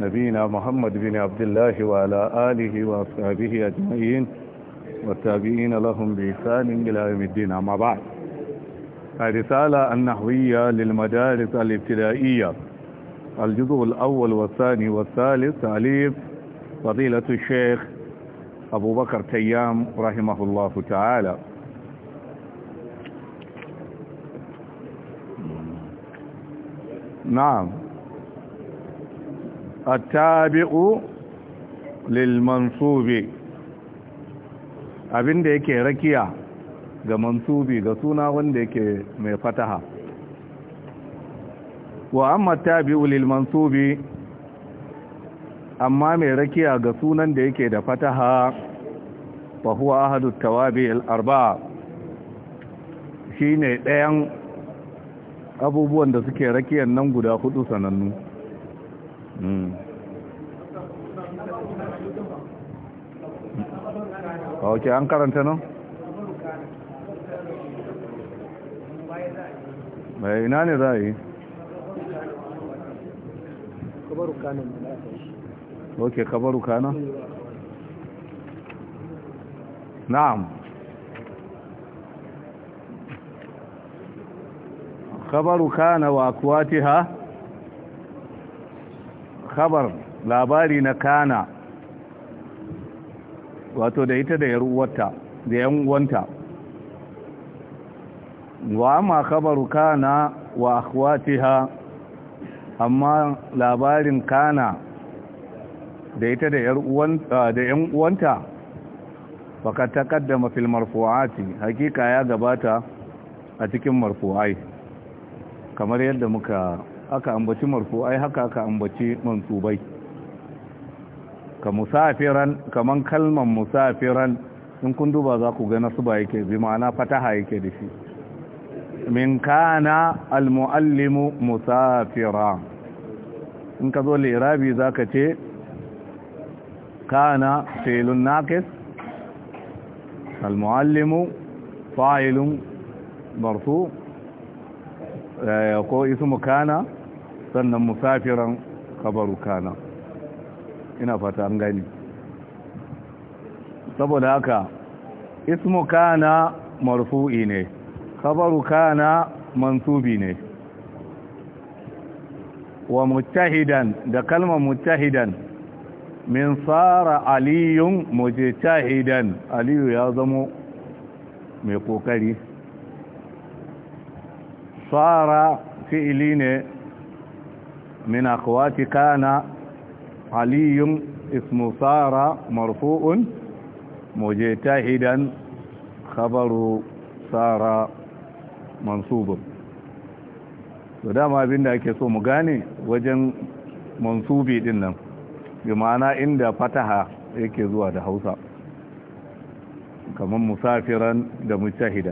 نبينا محمد بن عبد الله وعلى آله وأصحابه أجمعين والتابعين لهم بإحسان إلى يوم الدين أما بعد الرسالة النحوية للمدارس الابتدائية الجزء الأول والثاني والثالث تعليم فضيلة الشيخ أبو بكر تيام رحمه الله تعالى نعم attabi'u lil mansubi abinda yake rakiya ga mansubi ga suna wanda yake mai fataha wa amma tabi'u lil mansubi amma mai rakiya ga sunan da yake da fataha fa huwa ahadu tawabi arba'a shine ɗayan abubuwan da suke rakiyar nan guda hudu sanannu Hmm. ok an karanta nan mai eh, ina ne za a yi ok kabaru kana na'am kabaru kana wa kuwa ha? khabar labari na kana wato da ita da yaruwarta da yan uwanta wa amma khabaru kana wa akhwatiha amma labarin kana da ita da yar uwanta da yan uwanta faqad taqaddama fil marfu'ati hakika ya gabata a cikin marfu'ai kamar yadda muka aka ambaci marfu ai haka aka ambaci mansubai ka musafiran kaman kalman musafiran in kun duba za ku ga nasuba yake bi ma'ana fataha yake da shi min kana almuallimu musafira in ka zo lirabi za ka ce kana filun naqis almuallimu fa'ilun marfu eh, ko mu kana sannan musafiran kabaru kana ina fata an gani saboda haka ismu kana marfu'i ne kabaru kana mansubi ne wa mutahidan da kalmar mutahidan min tsara aliyun tahidan aliyu ya zamo mai kokari tsara fi'ili ne من أخوات كان علي اسم سارة مرفوع مجتهدا خبر سارة منصوب to dama abin da ake so mu gane wajen mansubi din nan bi ma'ana inda fataha yake zuwa da hausa kamar musafiran da mujtahida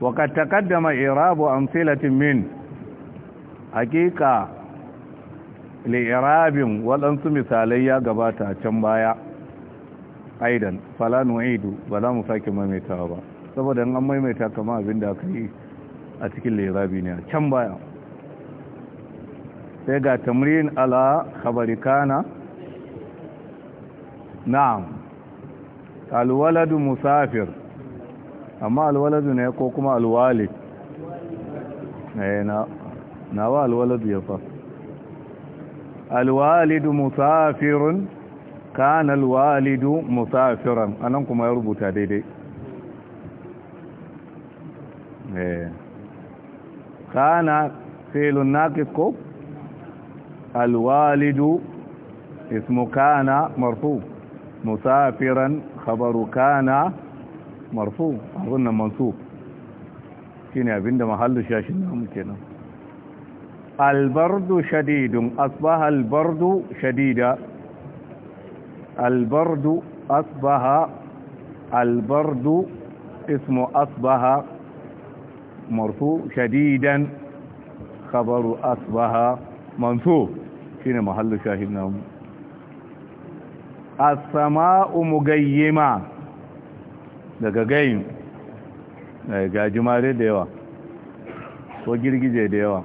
wa qad taqaddama i'rabu amsalatin min haqiqa li'irabin waɗansu misalai ya gabata can baya aidan fala nu'idu ba za mu sake maimaitawa ba saboda an maimaita kama abin da aka yi a cikin li'irabi ne a can baya sai ga tamrin ala khabari kana na'am alwaladu musafir amma alwaladu ne ko kuma alwalid eh, na wa alwaladu ya fasa alwalidu musafirun kana alwalidu musafiran anan kuma ya rubuta daidai kana filun naqis ko alwalidu ismu kana marfu musafiran khabaru kana marfu azunna mansub shine abinda mahallu shashin namu kenan albardu shadidun asbaha albardu shadida albardu asbaha albardu ismu asbaha Shadidan شديدا Asbaha أصبح shine شنو محل شاهدنا السماء مغيمة daga gayin ga jimare da yawa ko girgije da yawa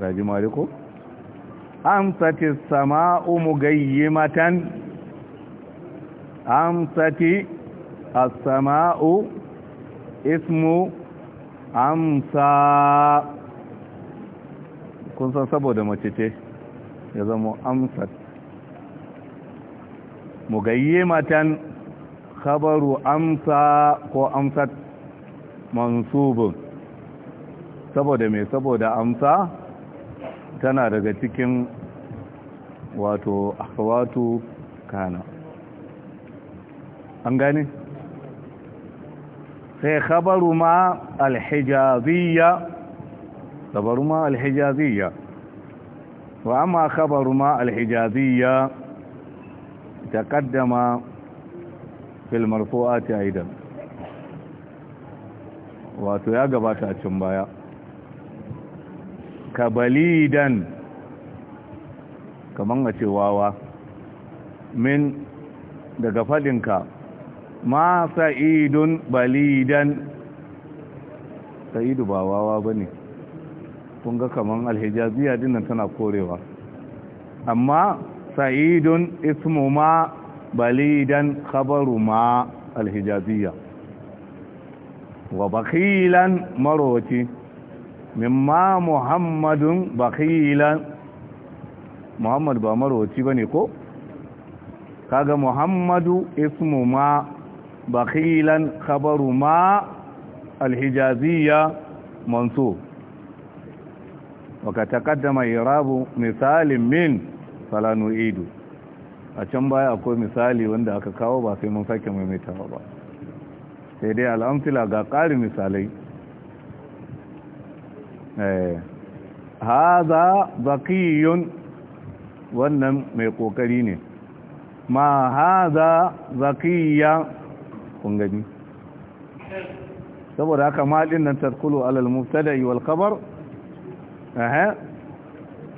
rabi maliko amsati sama'u mugayyimatan amsati as-sama'u ismu amsa kun san saboda mace ce ya zama amsat mugayyimatan khabaru amsa ko amsat mansubun saboda mai saboda amsa tana daga cikin wato akwatu kana an gane sai khabaru ma alhijaziyya khabaru ma alhijaziyya wa amma khabaru ma alhijaziyya taqaddama fil marfu'ati aidan wato ya gabata a cikin baya ka dan kaman a ce wawa min daga fadinka ma sa'idun balidan sa'idu ba wawa ba ne tun ga kaman alhijaziya dinnan tana korewa amma sa'idun ismu ma balidan khabaru ma alhijaziya wa bakilan marowaci mimma muhammadun bakhilan muhammad ba marwaci ne ko kaga muhammadu ismu ma bakhilan khabaru ma alhijaziya mansub waka taqaddama irabu misalin min fala nu'idu a can baya akwai misali wanda aka kawo ba sai mun sake maimaitawa ba sai dai al'amsila ga ƙarin misalai Eh. haza baqiyun wannan mai kokari ne ma haza zakiya kun gani saboda haka malin nan tadkhulu ala al-mubtada wal khabar aha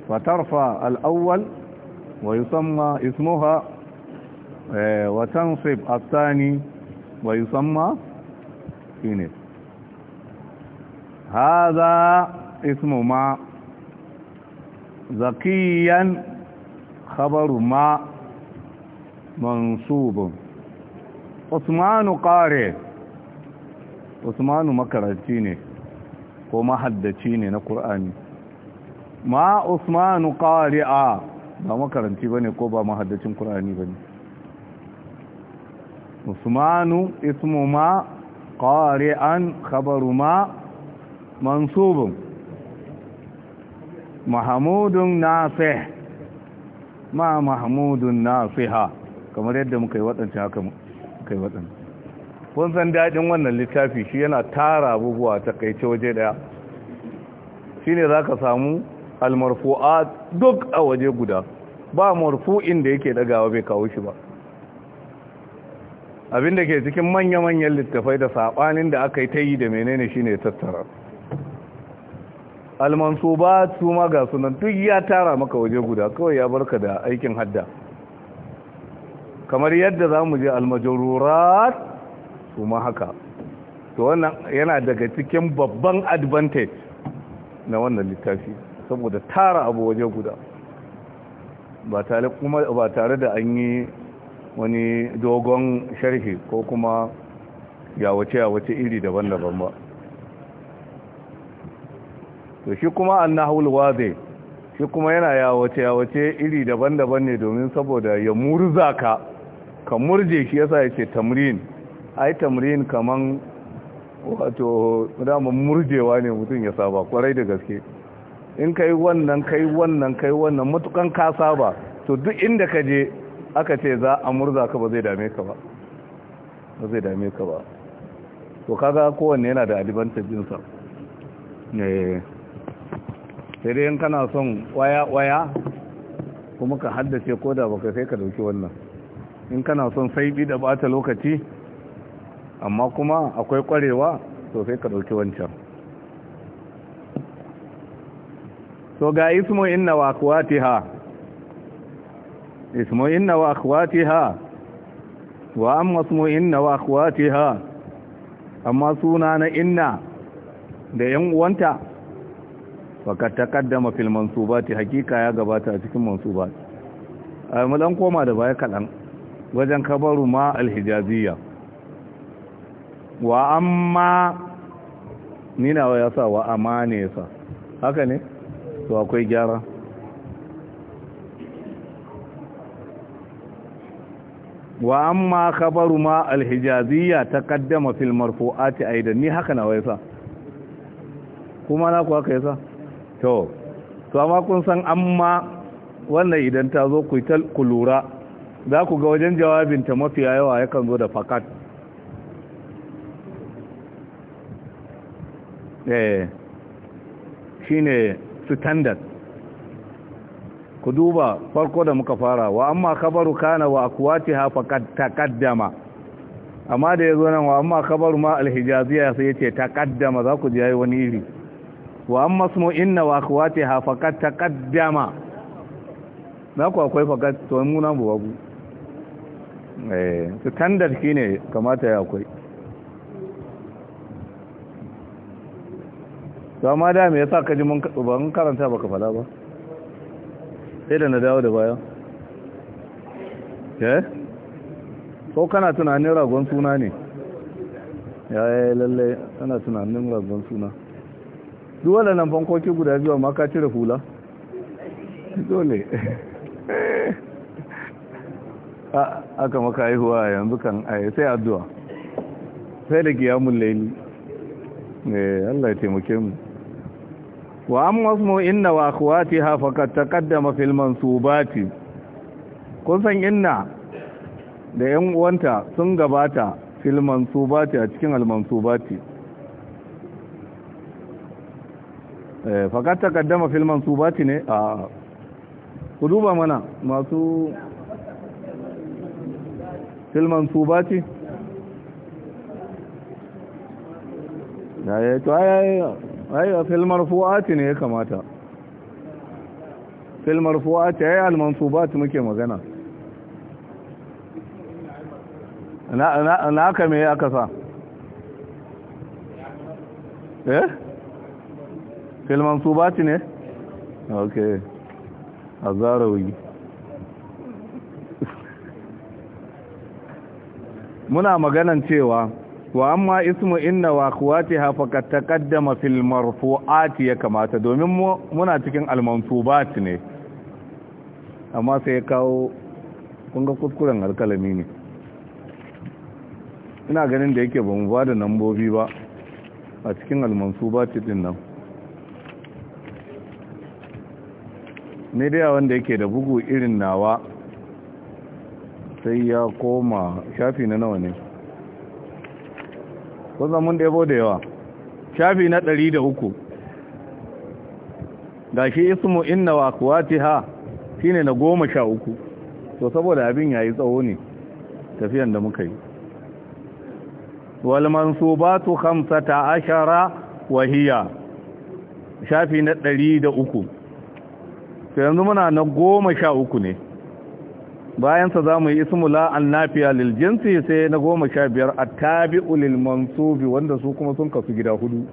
wa tarfa al-awwal wa yusamma ismuha eh, wa tansib ath-thani wa yusamma ismu ma zakiyan khabaru ma mansubun usmanu qari usmanu makaranci ne ko mahaddaci ne na qur'ani ma usmanu qari'a ba makaranci bane ko ba mahaddacin qur'ani bane usmanu ismu ma qari'an khabaru ma mahamudun nasih ma mahamudun ha? kamar yadda muka yi waɗancan haka muka yi waɗancan kun san daɗin wannan littafi shi yana tara abubuwa ta kaice waje ɗaya shi ne za ka samu almarfu'a duk a waje guda ba marfu'in da yake dagawa bai kawo shi ba abinda ke cikin manya-manyan littafai da saɓanin da aka yi ta yi da menene shi ne tattara ba su ma ga sunan duk ya tara maka waje guda kawai ya barka da aikin hadda kamar yadda za mu je almajururat su ma haka to wannan yana daga cikin babban advantage na wannan littafi saboda tara abu waje guda ba tare kuma ba tare da an yi wani dogon sharhi ko kuma yawace-yawace iri daban-daban ba to shi kuma annahul wazi shi kuma yana yawace yawace iri daban-daban ne domin saboda ya murza ka ka murje shi yasa yace tamrin ai tamrin kaman wato dama murjewa ne mutum ya saba kwarai da gaske in kai wannan kai wannan kai wannan mutukan ka saba to duk inda ka je aka ce za a murza ka ba zai dame ka ba ba zai dame ka ba to kaga kowanne yana da advantage ɗinsa eh sai dai in kana son waya-waya kuma ka haddace ko da baka sai ka dauki wannan in kana son saibi da bata lokaci amma kuma akwai kwarewa to sai ka dauki wancan so ga ismo inna wa akwatiha ismo inna wa akwatiha wa amma ismu inna wa akwatiha amma suna na inna da yan uwanta fakat taqaddama fil mansubati hakika ya gabata a cikin mansubat mu dan koma da baya kadan wajen kabaru ma alhijaziyya wa amma nina wa sa wa amane sa. haka ne to akwai gyara wa amma kabaru ma alhijaziyya taqaddama fil marfu'ati aidan ni haka na wa sa kuma na ku haka yasa to to amma kun san amma wannan idan ta zo ku ta kulura za ku ga wajen jawabinta mafi yawa yakan zo da fakat eh shine standard ku duba farko da muka fara wa amma kabaru kana wa akwatiha faqad taqaddama amma da yazo nan wa amma kabaru ma alhijaziya sai yace taqaddama za ku ji yayi wani iri wa amma masmo inna wa akhwatiha ta kaddama na ku akwai fakat to mu na bu babu eh standard shine kamata ya akwai to amma da me yasa kaji mun ban karanta baka fada ba sai da na dawo da baya eh ko kana tunanin ragon suna ne ya lalle kana tunanin ragon suna duk nan fankoki guda biyu ma ka cire hula dole aka maka haihuwa yanzu kan aya sai addu'a sai da kiyamun laili eh Allah ya taimake mu wa amma ismu inna wa akhwatiha faqad taqaddama fil mansubati kun san inna da yan uwanta sun gabata fil mansubati a cikin al mansubati Eh, fakat takaddama fil mansubati ne a ah. ku duba mana masu fil mansubati ya eh, to ayi ayi fil marfu'ati ne ya kamata fil marfu'ati ayi al ti muke magana na na na kame aka sa eh filman su ba ne? ok a muna maganan cewa wa amma ismu inna wa kuwati hafakat taqaddama fil marfu'ati ya kamata domin muna cikin almansubat ne amma sai ya kawo ga kuskuren alkalami ne ina ganin da yake ba mu ba da nambobi ba a cikin almansubat din nan ne da wanda yake da bugu irin nawa sai ya koma shafi na nawa ne kusan mun yabo da yawa shafi na ɗari da uku Ga shi ismu inna wa kuwati ha shi ne na goma sha uku to saboda abin ya yi tsawo ne tafiyan da muka yi mansubatu hamsata ashara hiya shafi na ɗari da uku ta yanzu muna na goma sha uku ne bayansa za mu yi ismula an nafiya jinsi sai na goma sha biyar a tabi ulil mansubi wanda su kuma sun kasu gida hudu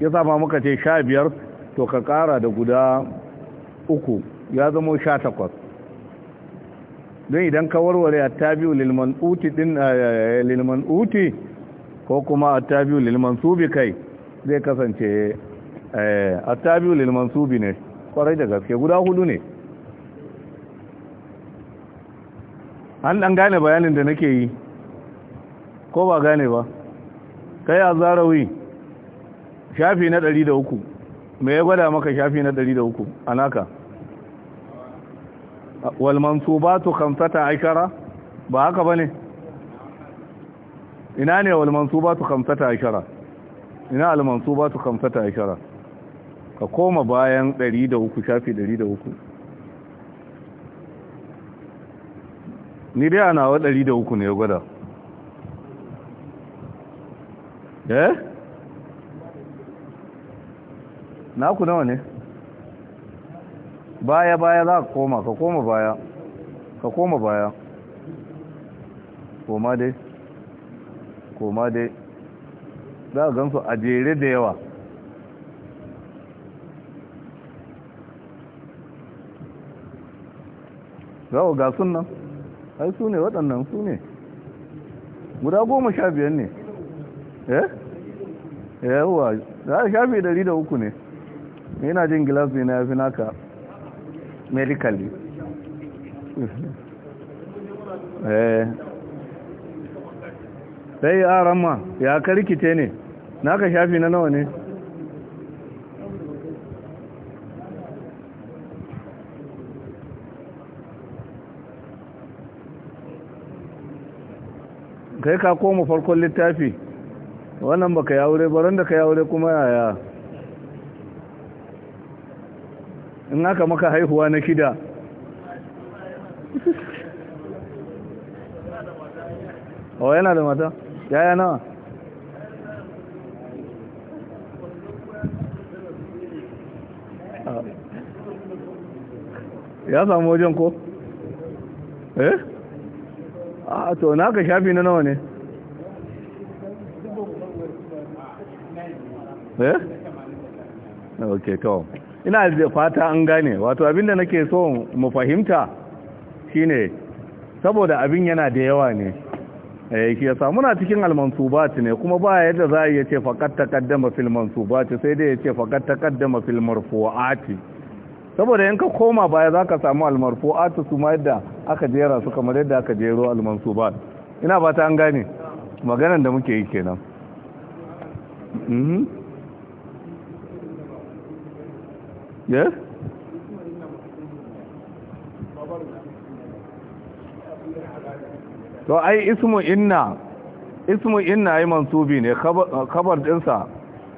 ya sama muka ce sha biyar to ka kara da guda uku ya zama sha takwas don idan ka warware a tabi ulilman uti eh, eh, ko kuma a tabi ulilman subi kai zai kasance eh, a tabi ulilman subi ne kwarai da gaske guda hudu ne an dan gane bayanin da nake yi ko ba gane ba kai a zarawi shafi na ɗari da uku me ya gwada maka shafi na ɗari da uku a naka su kamsata aikara ba haka ba ne ina ne ba su kamsata aikara ina ba su kamsata aikara ka koma bayan 103 shafi 103 ni dai ana wa 103 ne ya gwada eh na ku nawa ne baya baya za ka koma ka koma baya ka koma baya koma dai koma dai za ka gansu a jere da yawa zawo ga sunan ai su ne waɗannan su ne guda goma sha biyar ne eh yawa za a shafi ɗari da uku ne yana jin gilas ne na fi naka medically eh sai ya rama ya karkice ne naka shafi na nawa ne kai ka koma farkon littafi wannan baka ya wure baran da ka ya wure kuma yaya in aka maka haihuwa na kida o oh, yana da mata yaya nawa ah. ya samu wajen ko eh a to naka shafi na nawa ne eh ok kawo ina da fata an gane wato abinda nake so mu fahimta shine saboda abin yana da yawa ne eh ya samu na cikin al ne kuma ba yadda za a ce faqat taqaddama fil mansubat sai dai ya ce faqat taqaddama fil marfu'ati saboda in koma baya zaka samu al-marfu'atu su ma yadda aka jera su kamar yadda aka jero almansu ba, ina ba ta an gane maganan da muke yi kenan mhm. yes to ai ismu inna ismu inna ai mansubi ne khabar dinsa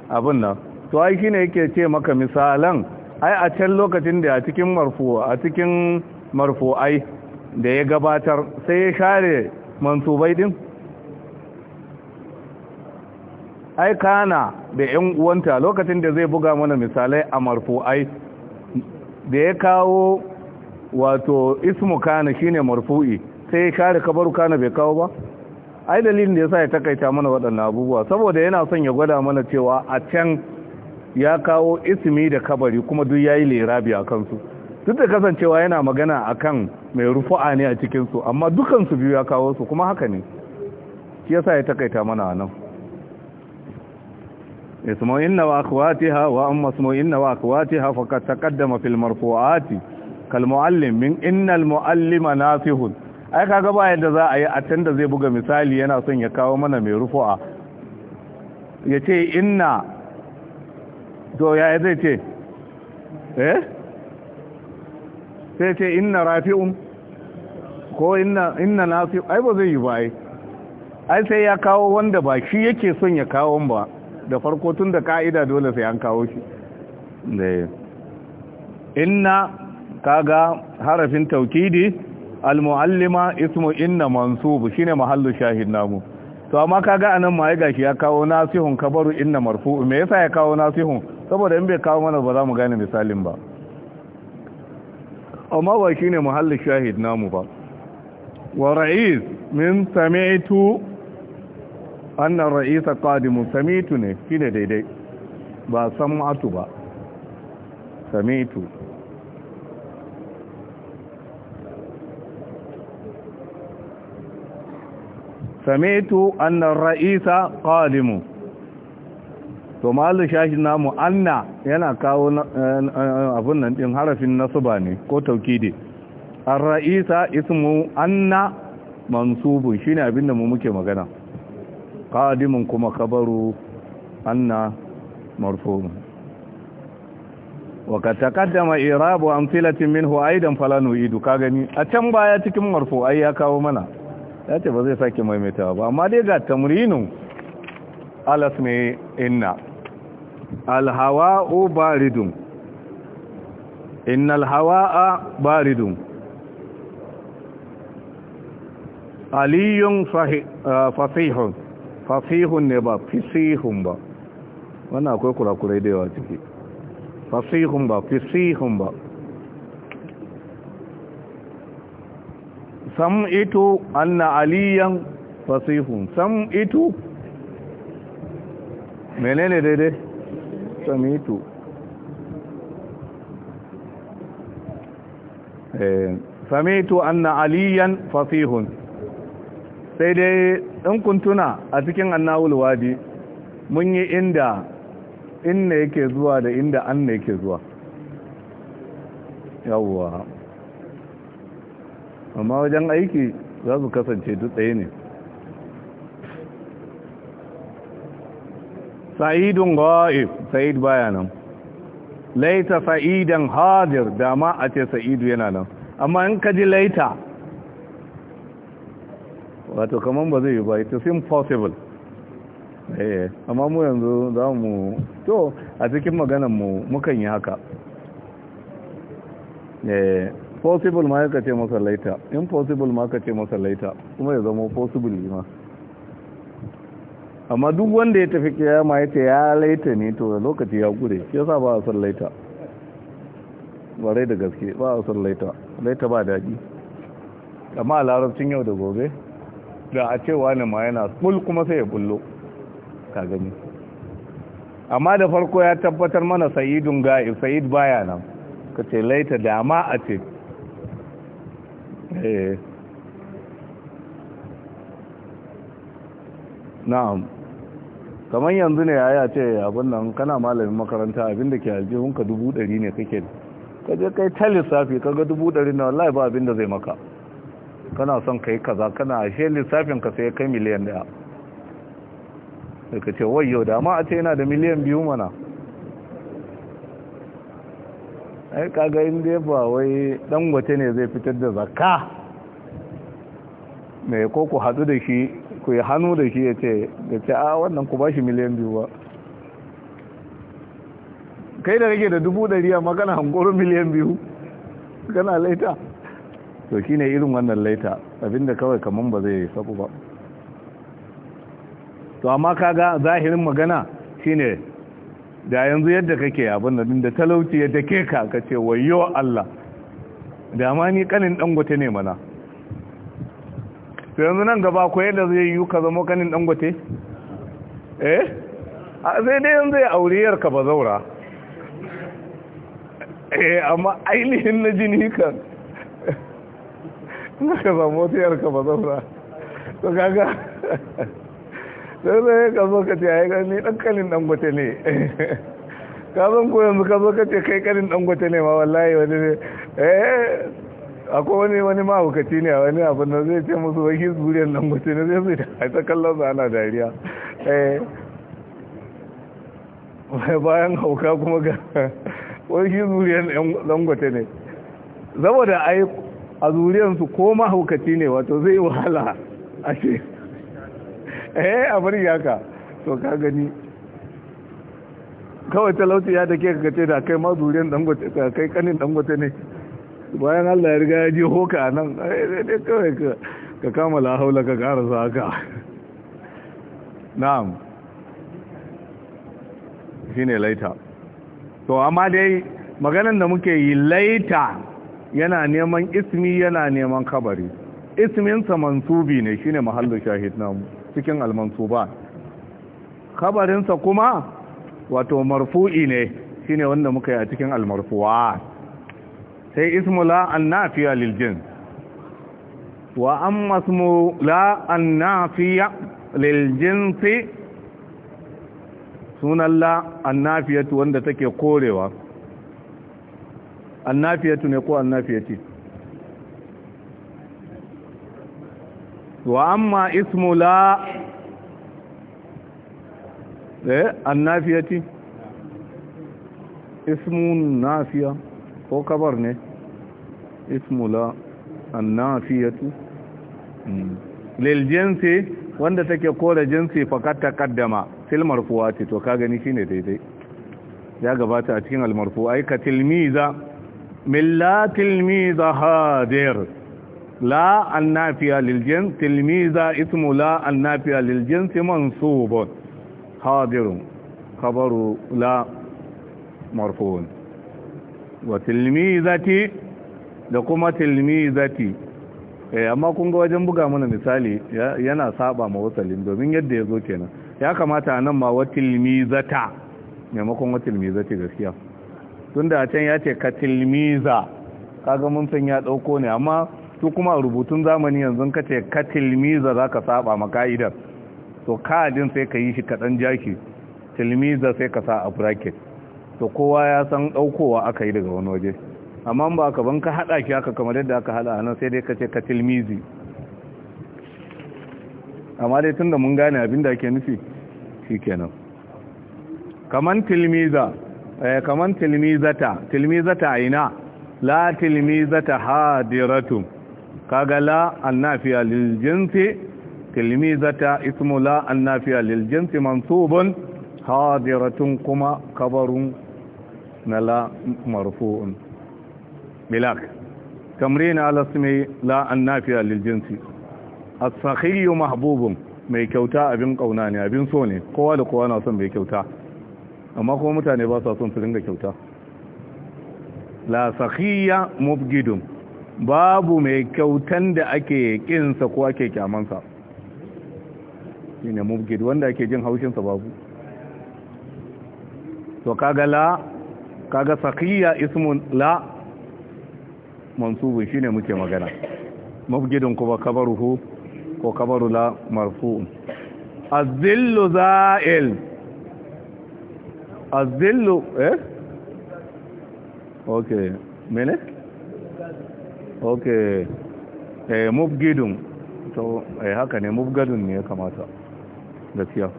abin nan to ai ne yake ce maka misalan ai a can lokacin da a cikin marfu a cikin marfu ai da ya gabatar sai ya share mansubai din ai kana da yan uwanta lokacin da zai buga mana misalai a marfu'ai da ya kawo wato ismu kana shine marfu'i sai ya share kabaru kana bai kawo ba ai dalilin da yasa ya takaita mana waɗannan abubuwa saboda yana son ya gwada mana cewa a can ya kawo ismi da kabari kuma duk yayi lirabi a kansu duk da kasancewa yana magana akan mai rufu'a ne a cikinsu amma dukansu biyu ya kawo su kuma haka ne shi yasa ya takaita mana nan inna wa akwatiha wa amma inna wa akhwatiha faqad taqaddama fil marfu'ati kal muallim min innal muallima nafihun ai kaga ba yadda za a yi a tanda zai buga misali yana son ya kawo mana mai rufu'a yace inna to yaya zai ce eh sai ce inna rafi'un ko inna inna ai ba zai yi ba ai ai sai ya kawo wanda ba shi yake son ya kawo ba da farko tun da ka'ida dole sai an kawo shi inna kaga harafin taukidi almuallima ismu inna Shi shine mahallu shahid namu to amma ga anan ma ya gashi ya kawo nasihun kabaru inna marfu me yasa ya kawo nasihun saboda in bai kawo mana ba za mu gane misalin ba وما ويكيني محلك شاهد نامو با ورئيس من سمعت أن الرئيس قادم سمعتني كين دي دي با سمعت با سمعت سمعت أن الرئيس قادم سمعت to mahallin shashi namu anna yana kawo eh, eh, abin nan din harafin nasuba ne ko taukidi ar-ra'isa ismu anna mansubun shine abin da mu muke magana qadimun kuma kabaru anna marfu'un wa ka taqaddama i'rabu amsalatin minhu aidan fala nu'idu ka gani a can baya cikin marfu ai ya kawo mana yace ba zai sake maimaitawa ba amma dai ga tamrinu alas mai inna alhawa'u baridun innal hawa a baridun aliyun fasihun fasihun ne ba fisihun ba wannan akwai kurakurai da yawa ciki fasihun ba fisihun ba sam ito anna aliyan fasihun sam ito menene daidai samitu samitu anna aliyan fasihun sai dai in kun tuna a cikin annawul wadi mun yi inda inna yake zuwa da inda anna yake zuwa yawwa amma wajen aiki za su kasance duk tsaye ne sa'idun ghaib sa'id baya nan laita sa'idan hadir dama a ce sa'idu yana nan amma in ka ji laita wato kaman ba zai yi ba it's impossible eh amma mu yanzu za mu to a cikin maganan mu mukan yi haka eh, possible ma ka ce masa laita impossible ma ka ce masa laita kuma ya zama possible ma amma duk wanda ya tafi kiyama ya ce ya laita ne to lokaci ya gure shi sa ba a son laita rai da gaske ba a son laita laita ba daɗi amma a larabcin yau da gobe da a cewa ne ma yana bul kuma sai ya bullo ka gani amma da farko ya tabbatar mana sayidun ga'ib sayid baya nan ka ce laita da ma a ce eh. na'am kamar yanzu ne yaya ce abin nan kana malamin makaranta abinda ke aljihunka dubu ɗari ne kake ka je kai ta lissafi kaga dubu ɗari na wallahi ba abinda zai maka kana son kai kaza kana ashe lissafin ka sai kai miliyan ɗaya daga ce wayo da ma a ce yana da miliyan biyu mana ai kaga inda ba wai dangote ne zai fitar da zakka ko ku hadu da shi ku yi hannu da shi ya ce da ce a ah, wannan ku ba shi miliyan biyu ba kai da rage da dubu dariya amma kana hankoron miliyan biyu kana laita to shi ne irin wannan laita abinda kawai kamar ba zai saku ba to amma ga zahirin magana shine da yanzu yadda kake abin da da talauci ya dake ka ka ce wayo Allah da ma ni kanin dangote ne mana to yanzu nan gaba ko yadda zai yi ka zama kanin dangote eh sai dai yanzu ya auriyar ka ba zaura eh amma ainihin na jini kan na ka zama wata ka ba zaura to kaga sai zai ka zo ka ce ya yi gani dan kanin dangote ne ka zan ko yanzu ka zo ka ce kai kanin dangote ne ma wallahi wani ne eh akwai wani wani mahaukaci ne a wani abin da zai ce musu zuriyar nan dangote ne zai zai da haita kallon su ana dariya eh, bayan hauka kuma ga zuriyar nan dangote ne saboda a yi a su ko mahaukaci ne wato zai wahala a ce eh a bari yaka to ka gani kawai talauci ya da ke ka da kai ma zuriyar dangote kai kanin dangote ne bayan Allah ya riga ya je hoka nan kawai ka kama lahaula ka su haka na'am shi ne laita to amma dai maganin da muke yi laita yana neman ismi yana neman kabari isminsa mansubi ne shi ne mahallu shahid na cikin almansuba kabarinsa kuma wato marfu'i ne shi ne wanda muka yi a cikin almarfuwa sai ismu la annafiya lil jins wa amma masu la fiya lil fi sunan la annafiyatu wanda take korewa annafiyatu ne ko annafiyati wa amma ismu la eh ismu ismun nafiya ko kabar ne ismula annafiyatu hmm. lil jinsi wanda take kore jinsi fakat taqaddama fil marfuati to ka gani shine daidai ya gabata a cikin almarfu ai ka tilmiza millatil tilmiza hadir la annafiya lil jins tilmiza ismu la annafiya lil jins mansubun hadirun khabaru la marfuun wa tilmizati da kuma tilmizati eh amma kun ga wajen buga mana misali yana saba ma wasalin domin yadda ya zo kenan ya kamata nan ma wa tilmizata maimakon wa tilmizati gaskiya tunda a can ya ce ka tilmiza kaga mun san ya dauko ne amma su kuma rubutun zamani yanzu ka ce ka tilmiza ka saba ma ka'idar to ka jin sai ka yi shi kadan jaki tilmiza sai ka sa a bracket to kowa ya san ɗaukowa aka yi daga wani waje amma ba ka ban ka haɗa ki haka kamar yadda aka haɗa nan sai dai ka ce ka tilmizi amma dai tun da mun gane abin da ake nufi shi kenan kaman tilmiza eh, kaman tilmizata tilmizata ina la tilmizata hadiratu kaga la annafiya lil jinsi tilmizata ismu la annafiya lil jinsi mansubun hadiratun kuma kabarun na la marfu'un bilak tamrin ala ismi la an nafiya lil jinsi as-sakhiy mahbubun mai kyauta abin kauna ne abin so ne kowa da kowa na son mai kyauta amma kuma mutane ba sa son su dinga kyauta la sakhiya mubgidun babu mai kyautan da ake sa ko ake sa shine mubgid wanda ake jin haushinsa babu to kaga la kaga saqiya ismun la mansubun shine muke magana mafgidin kuma kabaruhu ko kabaru la marfu'un azillu za'il azillu eh okay mene okay eh mubgidun to eh haka ne mubgadun ne ya kamata gaskiya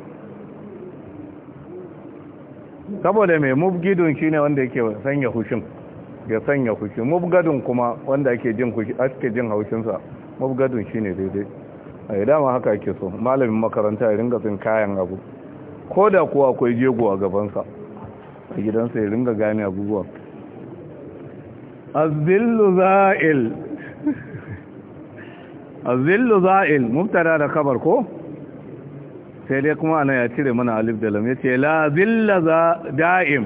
saboda mai mubgidun shine wanda yake sanya hushin ya sanya hushin mubgadun kuma wanda ake jin hushi ake jin haushinsa mubgadun shine daidai a yi dama haka ake so malamin makaranta ya ringa tsin kayan abu ko da kuwa akwai jego a gabansa a gidansa ya ringa gane abubuwa azillu za'il azillu za'il mubtada da kabar ko sai dai kuma ana ya cire mana alif da lam ce la zilla za da'im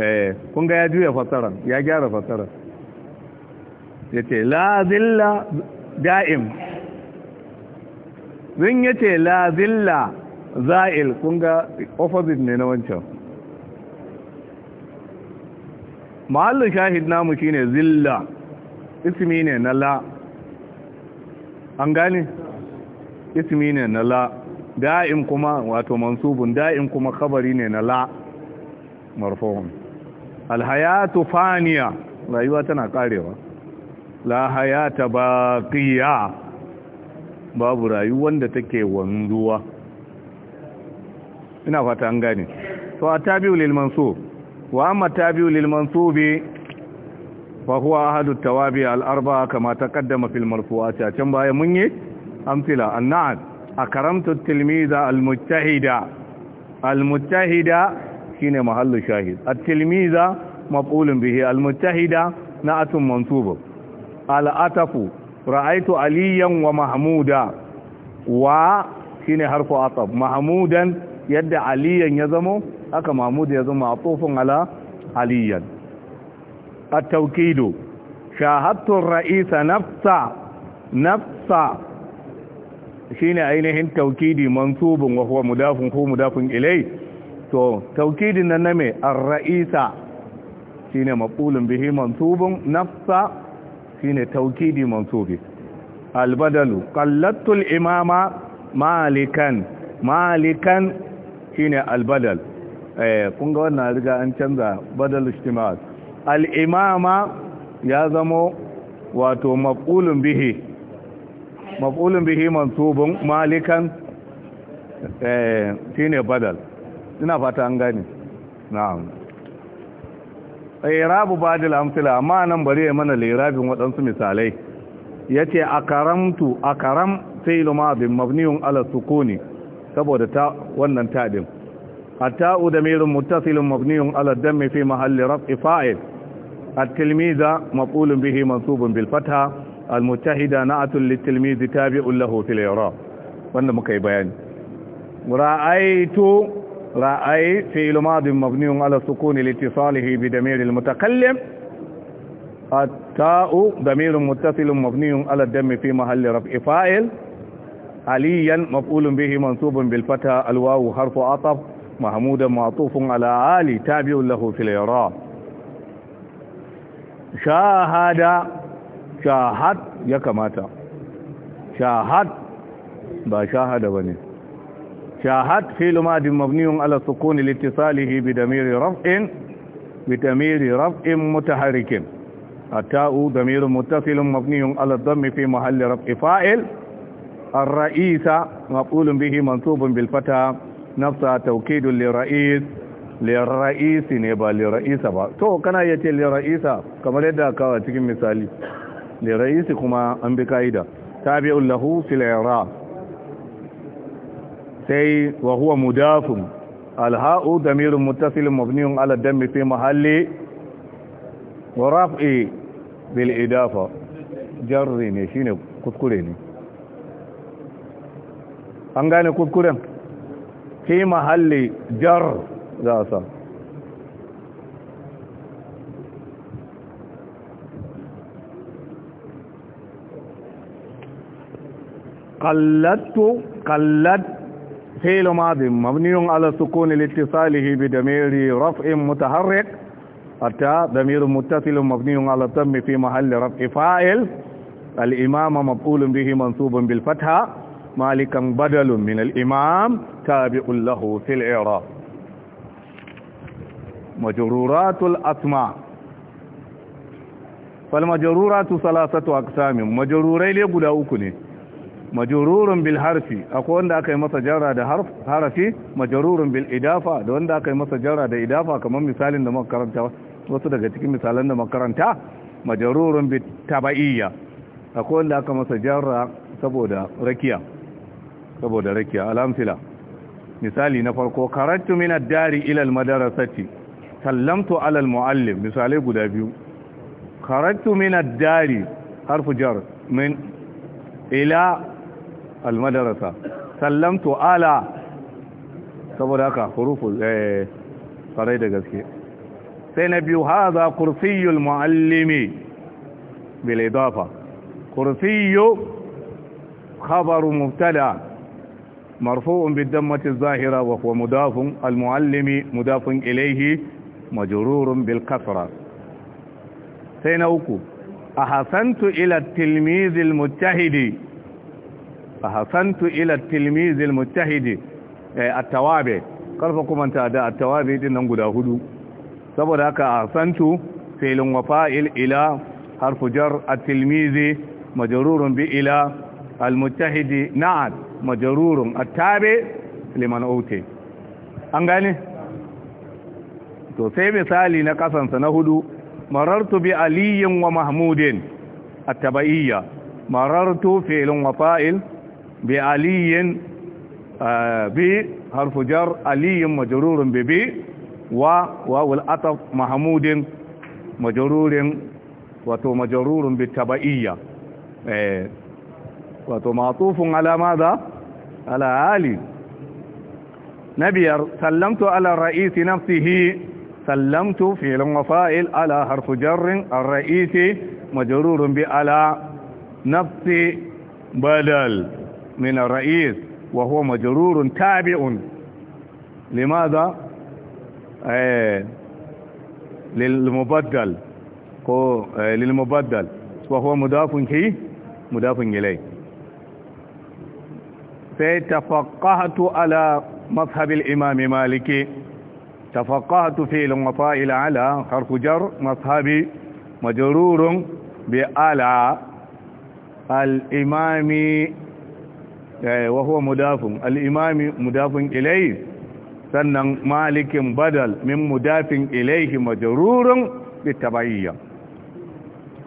eh, kunga ya juya fasara ya gyara fasara ce la zilla da'im zin ce la zilla za'il kunga ga opposite ne na wancan mahallin shahid namu shine zilla ismi ne na la an gani ismi ne na la da'in kuma wato mansubun da'in kuma khabari ne na la marfu'un alhayatu faniya rayuwa tana karewa la hayata baqiya babu rayuwar da take wanzuwa ina fata an gane to atabiu lil mansub wa amma tabiu lil mansubi fa huwa ahadu tawabi al arba'a kama taqaddama fil marfu'ati a can baya mun yi amsila an أكرمت التلميذ المجتهد المجتهد هنا محل شاهد التلميذ مفعول به المجتهد نعت منصوب الأتف رأيت عليا ومحمودا و هنا حرف أطف محمودا يد عليا يزمو أكا محمود يزمو عطوف على عليا التوكيد شاهدت الرئيس نفسا نفسا shine ainihin tawkidi mansubun wa huwa mudafun ko mudafun ilai to tawkidin nan na ar-ra'isa shine maqulun bihi mansubun nafsa shine tawkidi mansubi al-badalu qallattu al-imama malikan malikan shine al-badal eh kun ga wannan riga an canza badal istimal al-imama ya zamo wato maqulun bihi maf'ulun bihi mansubun malikan eh shine badal ina fata an gane na'am irabu badal amsila amma nan bari ya mana lirabin waɗansu misalai yace akaramtu akaram fi'lu madin mabniun ala sukuni saboda ta wannan da tadin التاء ضمير متصل مبني fi الدم في محل رفع tilmiza التلميذ bihi به منصوب بالفتحه المتحدة نعت للتلميذ تابع له في العراق وانا مكي بيان رأيت رأي في الماض مبني على سكون لاتصاله بدمير المتكلم التاء ضمير متصل مبني على الدم في محل رفع فائل عليا مفؤول به منصوب بالفتى الواو حرف عطف محمود معطوف على عالي تابع له في العراق شاهد shahad ya kamata shahad ba shahada bane shahad fi'l madin mabniun ala sukuni litisalihi bi damiri raf'in bi damiri raf'in mutaharikin التاء ضمير متصل مبني على الضم في محل رفع فاعل الرئيس مفعول به منصوب بالفتح نفس توكيد للرئيس للرئيس ne ba lira'isa ba to kana yace lira'isa kamar yadda kawa cikin misali da raisi kuma an bi ka'ida ta lahu fil i'rab sai wa huwa mudafun alha'u damirun muttasilun mabniun ala dammi fi mahalli wa raf'i bil idafa jarri ne shine kuskure ne an gane kuskuren fi mahalli jar za a sa قلدت قلد فعل ماضي مبني على سكون لاتصاله بضمير رفع متحرك أتى ضمير متصل مبني على الضم في محل رفع فاعل الإمام مفعول به منصوب بالفتحة مالكا بدل من الإمام تابع له في الإعراب مجرورات الأسماء فالمجرورات ثلاثة أقسام مجرورين يقول أوكني majururun bil harfi akwai wanda aka yi masa jarra da harafi majururun bil idafa da wanda aka yi masa jarra da idafa kamar misalin da makaranta wasu daga cikin misalan da makaranta majururun bil taba'iyya akwai wanda aka masa jarra saboda rakiya saboda rakiya Alamfila, misali na farko karatu min ad-dari ila al-madrasati sallamtu ala al-muallim misalai guda biyu karatu min ad-dari harfu jar min ila almadarasa sallamtu ala saboda haka hurufu farai da gaske sai na biyu haza kursiyul muallimi bil idafa kursiyu khabaru mubtada marfu'un bid dammati zahira wa huwa mudafun al muallimi mudafun ilayhi majrurun bil kasra sai na uku ahasantu ila tilmizi al mujtahidi ahsantu ila at-tilmiz al-mujtahid at-tawabi karfa kuma da at-tawabi din nan guda hudu saboda haka ahsantu filin wafa'il ila harfu jar at-tilmiz majrurun bi ila al-mujtahid na'at majrurun at-tabi liman uti an gane to sai misali na kasansa na hudu marartu bi aliyin wa mahmudin at-tabaiyya marartu filin wafa'il بألي آه، ب حرف جر ألي مجرور بب وواو الأطف محمود مجرور وتو مجرور بالتبعيه آه، وتو معطوف على ماذا على آلي نبي سلمت على الرئيس نفسه سلمت في المفائل على حرف جر الرئيس مجرور بألا نفسي بدل من الرئيس وهو مجرور تابع لماذا آه، للمبدل آه، للمبدل وهو مضاف فيه مضاف إليه فتفقهت على مذهب الإمام مالك تفقهت في المطائل على حرف جر مذهبي مجرور بألا الإمام Eh, wa huwa mudafin al'imami mudafin ilai sannan malikin badal min mudafin ilaihi majarurin bitabayya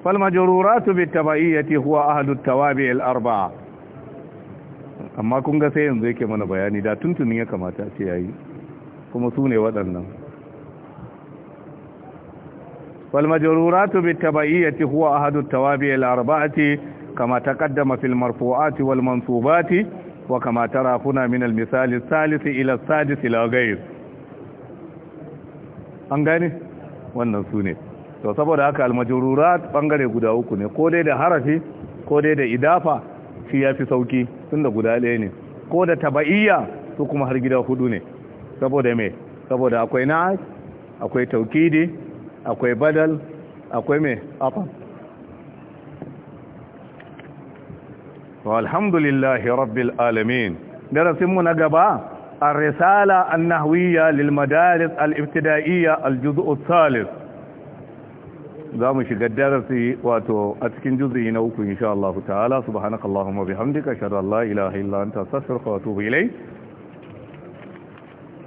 falmajaruratu bitabayyati huwa ahadu tawabi al'arba'a amma kun ga sai yanzu ke mana bayani da tuntunin ya kamata ce ya yi kuma su ne waɗannan falmajaruratu bitabayyati huwa ahadu tawabi al'arba'ati كما تقدم في المرفوعات والمنصوبات وكما ترى هنا من المثال الثالث إلى السادس إلى غير an gane wannan sune. to saboda haka almajururat bangare guda uku ne ko dai da harafi ko dai da idafa shi ya fi sauki tun da guda ɗaya ne ko da taba'iyya su kuma har gida hudu ne saboda me saboda akwai na'at akwai taukidi akwai badal akwai me afan walhamdulillahi rabbil alamin darasinmu na gaba الرسالة النهوية al الابتدائية al الثالث za zamu shiga darasi wato a cikin juzuyi na uku insha Allah ta'ala subhanakallahumma bihamdika ashhadu an la ilaha illa anta astaghfiruka wa atubu ilayk